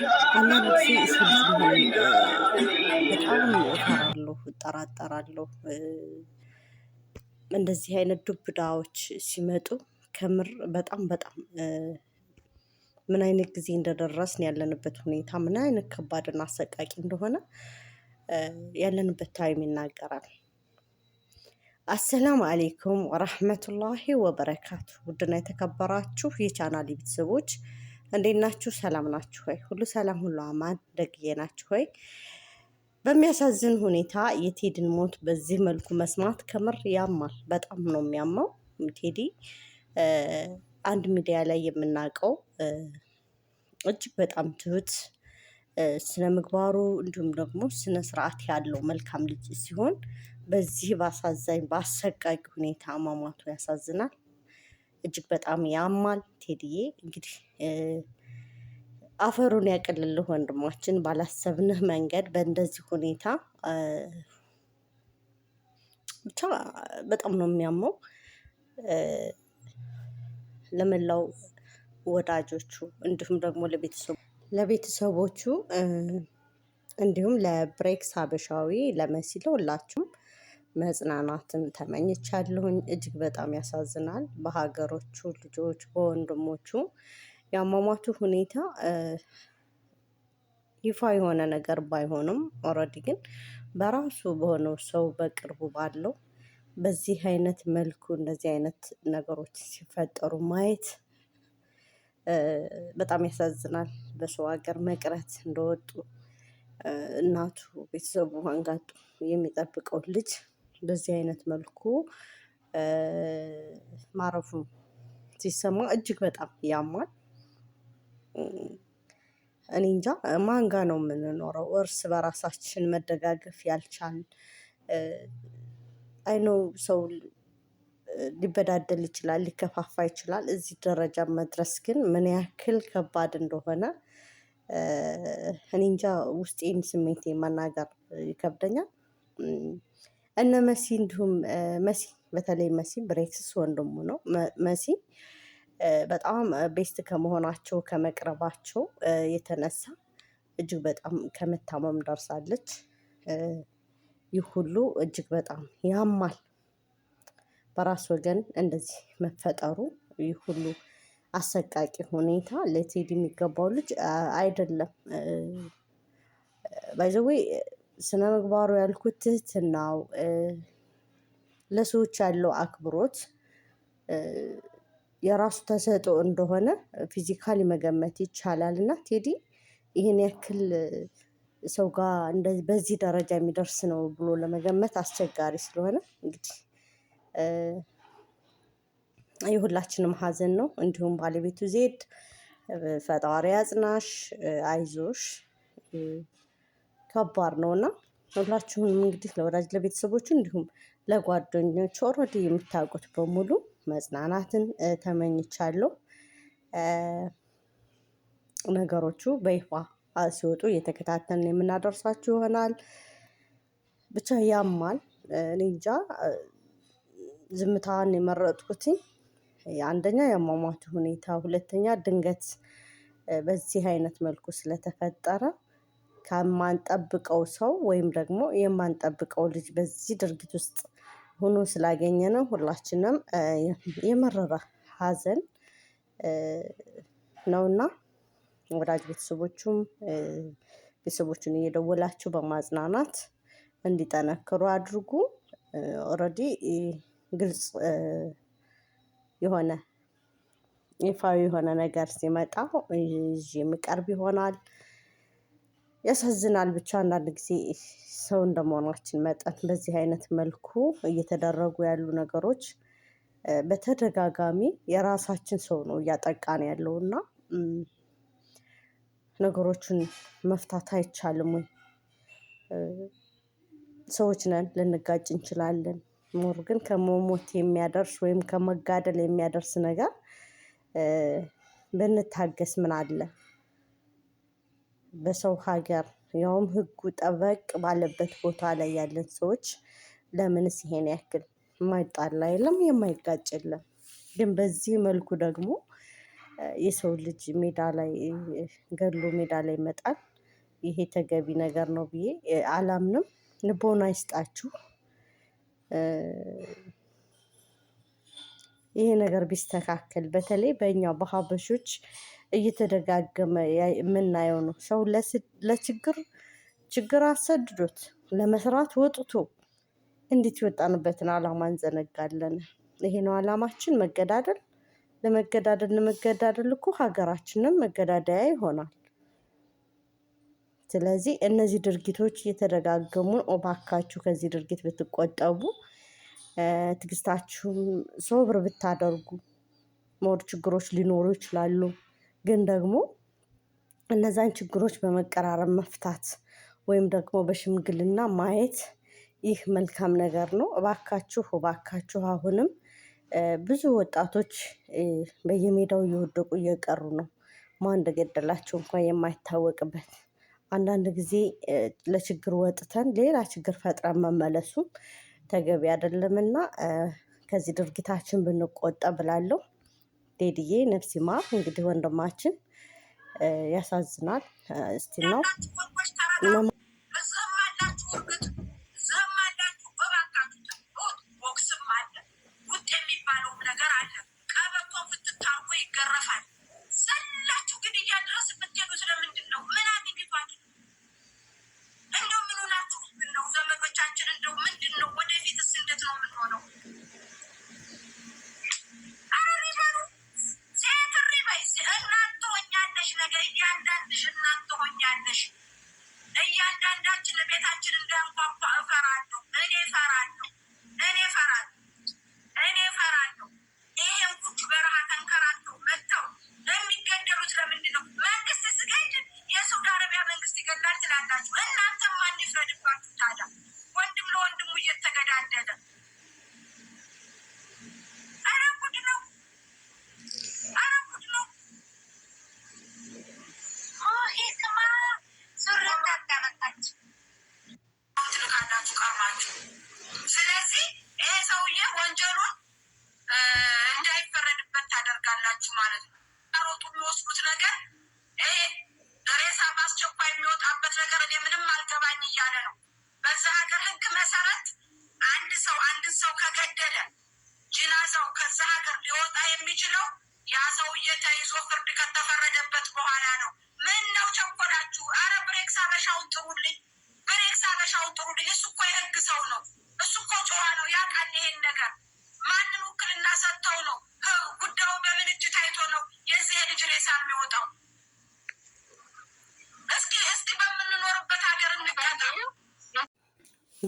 በጣም እፈራለሁ፣ እጠራጠራለሁ። እንደዚህ አይነት ዱብዳዎች ሲመጡ ከምር በጣም በጣም ምን አይነት ጊዜ እንደደረስን ያለንበት ሁኔታ ምን አይነት ከባድና አሰቃቂ እንደሆነ ያለንበት ታይም ይናገራል። አሰላሙ አሌይኩም ወረህመቱላሂ ወበረካቱ። ውድና የተከበራችሁ የቻናል ቤተሰቦች እንዴት ናችሁ? ሰላም ናችሁ ሆይ? ሁሉ ሰላም፣ ሁሉ አማን፣ ደግዬ ናችሁ ሆይ? በሚያሳዝን ሁኔታ የቴዲን ሞት በዚህ መልኩ መስማት ከምር ያማል። በጣም ነው የሚያማው። ቴዲ አንድ ሚዲያ ላይ የምናውቀው እጅግ በጣም ትሁት ስነ ምግባሩ እንዲሁም ደግሞ ስነ ስርዓት ያለው መልካም ልጅ ሲሆን በዚህ በአሳዛኝ በአሰቃቂ ሁኔታ ማሟቱ ያሳዝናል። እጅግ በጣም ያማል። ቴዲዬ እንግዲህ አፈሩን ያቅልልህ ወንድማችን። ባላሰብንህ መንገድ በእንደዚህ ሁኔታ ብቻ በጣም ነው የሚያመው። ለመላው ወዳጆቹ እንዲሁም ደግሞ ለቤተሰቡ ለቤተሰቦቹ እንዲሁም ለብሬክስ ሀበሻዊ ለመሲ ሁላችሁም መጽናናትን ተመኝቻለሁኝ። እጅግ በጣም ያሳዝናል። በሀገሮቹ ልጆች በወንድሞቹ የአሟሟቱ ሁኔታ ይፋ የሆነ ነገር ባይሆንም ኦልሬዲ ግን በራሱ በሆነው ሰው በቅርቡ ባለው በዚህ አይነት መልኩ እንደዚህ አይነት ነገሮች ሲፈጠሩ ማየት በጣም ያሳዝናል። በሰው ሀገር መቅረት እንደወጡ እናቱ ቤተሰቡ አንጋጡ የሚጠብቀው ልጅ በዚህ አይነት መልኩ ማረፉ ሲሰማ እጅግ በጣም ያማል። እኔ እንጃ ማንጋ ነው የምንኖረው? እርስ በራሳችን መደጋገፍ ያልቻል አይኖ ሰው ሊበዳደል ይችላል፣ ሊከፋፋ ይችላል። እዚህ ደረጃ መድረስ ግን ምን ያክል ከባድ እንደሆነ እኔ እንጃ ውስጤን ስሜቴ መናገር ይከብደኛል። እነ መሲ እንዲሁም መሲ በተለይ መሲ ብሬክስስ ወንድሙ ነው። መሲ በጣም ቤስት ከመሆናቸው ከመቅረባቸው የተነሳ እጅግ በጣም ከመታመም ደርሳለች። ይህ ሁሉ እጅግ በጣም ያማል። በራስ ወገን እንደዚህ መፈጠሩ ይህ ሁሉ አሰቃቂ ሁኔታ ለቴዲ የሚገባው ልጅ አይደለም ባይዘዌ ስነ ምግባሩ ያልኩት ትህትናው፣ ለሰዎች ያለው አክብሮት የራሱ ተሰጦ እንደሆነ ፊዚካሊ መገመት ይቻላል። እና ቴዲ ይህን ያክል ሰው ጋር በዚህ ደረጃ የሚደርስ ነው ብሎ ለመገመት አስቸጋሪ ስለሆነ እንግዲህ የሁላችንም ሀዘን ነው። እንዲሁም ባለቤቱ ዜድ ፈጣሪ አጽናሽ፣ አይዞሽ ከባድ ነው እና ሁላችሁንም እንግዲህ ለወዳጅ ለቤተሰቦቹ፣ እንዲሁም ለጓደኞች ኦልሬዲ የምታውቁት በሙሉ መጽናናትን ተመኝቻለሁ። ነገሮቹ በይፋ ሲወጡ እየተከታተልን የምናደርሳችሁ ይሆናል። ብቻ ያማል። እኔ እንጃ ዝምታን የመረጥኩት አንደኛ የአሟሟቱ ሁኔታ፣ ሁለተኛ ድንገት በዚህ አይነት መልኩ ስለተፈጠረ ከማንጠብቀው ሰው ወይም ደግሞ የማንጠብቀው ልጅ በዚህ ድርጊት ውስጥ ሆኖ ነው ሁላችንም የመረረ ሀዘን ነውና ወዳጅ ቤተሰቦቹም ቤተሰቦቹን እየደወላችሁ በማጽናናት እንዲጠነክሩ አድርጉ። ኦልሬዲ ግልጽ የሆነ ይፋዊ የሆነ ነገር ሲመጣ ይዤ የምቀርብ ይሆናል። ያሳዝናል። ብቻ አንዳንድ ጊዜ ሰው እንደመሆናችን መጠን በዚህ አይነት መልኩ እየተደረጉ ያሉ ነገሮች በተደጋጋሚ የራሳችን ሰው ነው እያጠቃን ያለው እና ነገሮቹን መፍታት አይቻልም ወይ? ሰዎች ነን፣ ልንጋጭ እንችላለን። ሞር ግን ከመሞት የሚያደርስ ወይም ከመጋደል የሚያደርስ ነገር ብንታገስ ምን አለ? በሰው ሀገር ያውም ህጉ ጠበቅ ባለበት ቦታ ላይ ያለን ሰዎች ለምንስ ይሄን ያክል የማይጣላ የለም የማይጋጭ የለም። ግን በዚህ መልኩ ደግሞ የሰው ልጅ ሜዳ ላይ ገሎ ሜዳ ላይ መጣል ይሄ ተገቢ ነገር ነው ብዬ አላምንም። ልቦና ይስጣችሁ። ይሄ ነገር ቢስተካከል በተለይ በእኛ በሀበሾች እየተደጋገመ የምናየው ነው። ሰው ለችግር ችግር አሰድዶት ለመስራት ወጥቶ እንዴት የወጣንበትን አላማ እንዘነጋለን? ይሄ ነው አላማችን መገዳደል ለመገዳደል ለመገዳደል እኮ ሀገራችንም መገዳደያ ይሆናል። ስለዚህ እነዚህ ድርጊቶች እየተደጋገሙ እባካችሁ ከዚህ ድርጊት ብትቆጠቡ፣ ትግስታችሁም ሶብር ብታደርጉ መወድ ችግሮች ሊኖሩ ይችላሉ። ግን ደግሞ እነዛን ችግሮች በመቀራረብ መፍታት ወይም ደግሞ በሽምግልና ማየት ይህ መልካም ነገር ነው። እባካችሁ እባካችሁ አሁንም ብዙ ወጣቶች በየሜዳው እየወደቁ እየቀሩ ነው። ማን እንደገደላቸው እንኳን የማይታወቅበት አንዳንድ ጊዜ ለችግር ወጥተን ሌላ ችግር ፈጥረን መመለሱም ተገቢ አይደለምና ከዚህ ድርጊታችን ብንቆጠብ እላለሁ። ዴድዬ ነፍሲ ይማር። እንግዲህ ወንድማችን ያሳዝናል። እስቲ ነው ያለሽ እያንዳንዳችን ቤታችን እንዳንኳኳ እፈራለሁ እኔ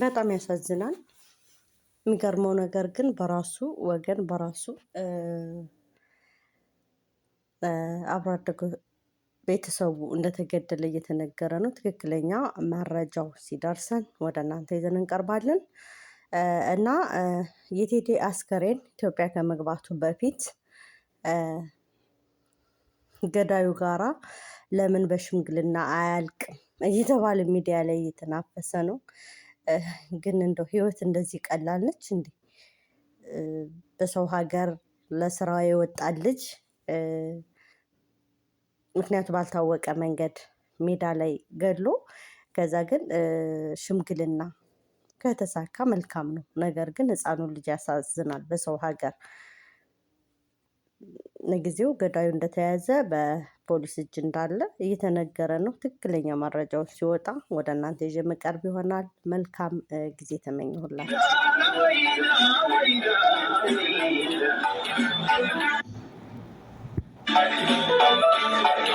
በጣም ያሳዝናል። የሚገርመው ነገር ግን በራሱ ወገን በራሱ አብሮ ቤተሰቡ እንደተገደለ እየተነገረ ነው። ትክክለኛ መረጃው ሲደርሰን ወደ እናንተ ይዘን እንቀርባለን እና የቴዲ አስከሬን ኢትዮጵያ ከመግባቱ በፊት ገዳዩ ጋራ ለምን በሽምግልና አያልቅም እየተባለ ሚዲያ ላይ እየተናፈሰ ነው። ግን እንደው ህይወት እንደዚህ ቀላል ነች እንዴ? በሰው ሀገር ለስራ የወጣ ልጅ ምክንያቱ ባልታወቀ መንገድ ሜዳ ላይ ገሎ ከዛ ግን ሽምግልና ከተሳካ መልካም ነው። ነገር ግን ህፃኑን ልጅ ያሳዝናል በሰው ሀገር ጊዜው ገዳዩ እንደተያዘ በፖሊስ እጅ እንዳለ እየተነገረ ነው። ትክክለኛ መረጃዎች ሲወጣ ወደ እናንተ ይዤ መቀርብ ይሆናል። መልካም ጊዜ ተመኘሁላችሁ።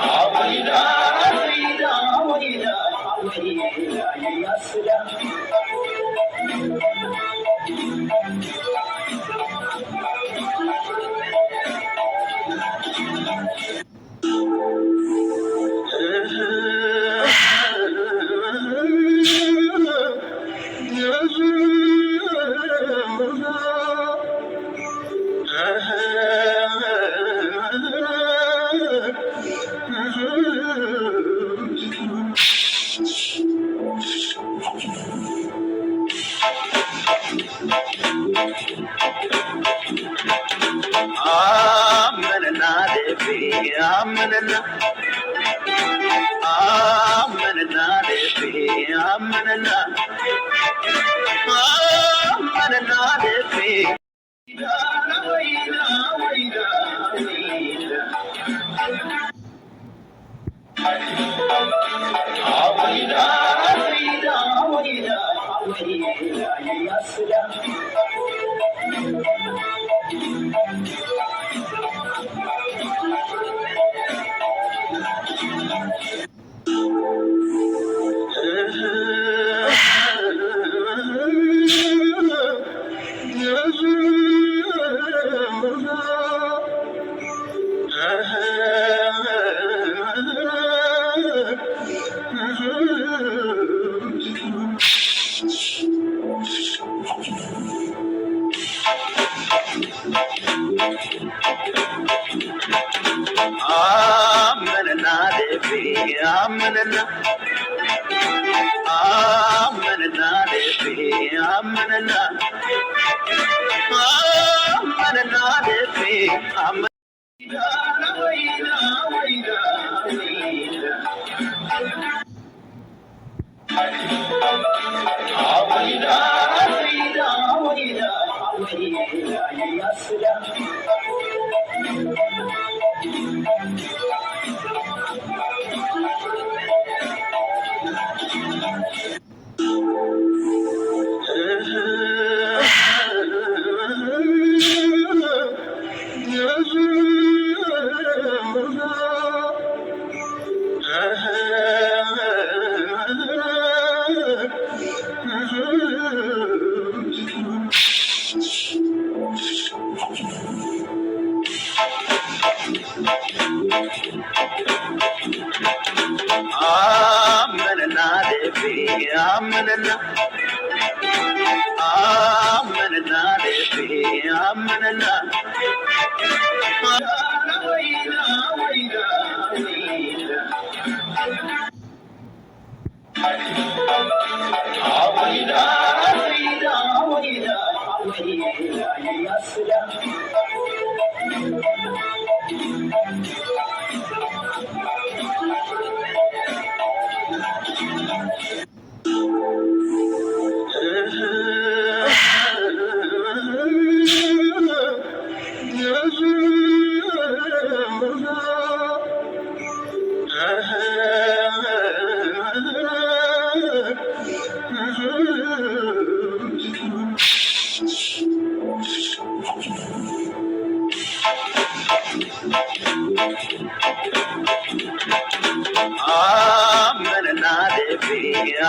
Oh, Bye. አመነና አመነና ልቤ አመነና አመነና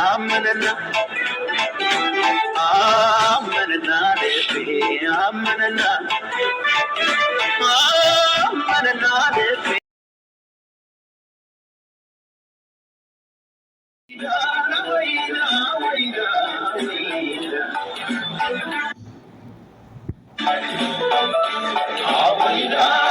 ஆமனனா ஆமனனா தேவே ஆமனனா ஆமனனா தேவே ஆமைதா